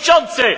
przewodniczący!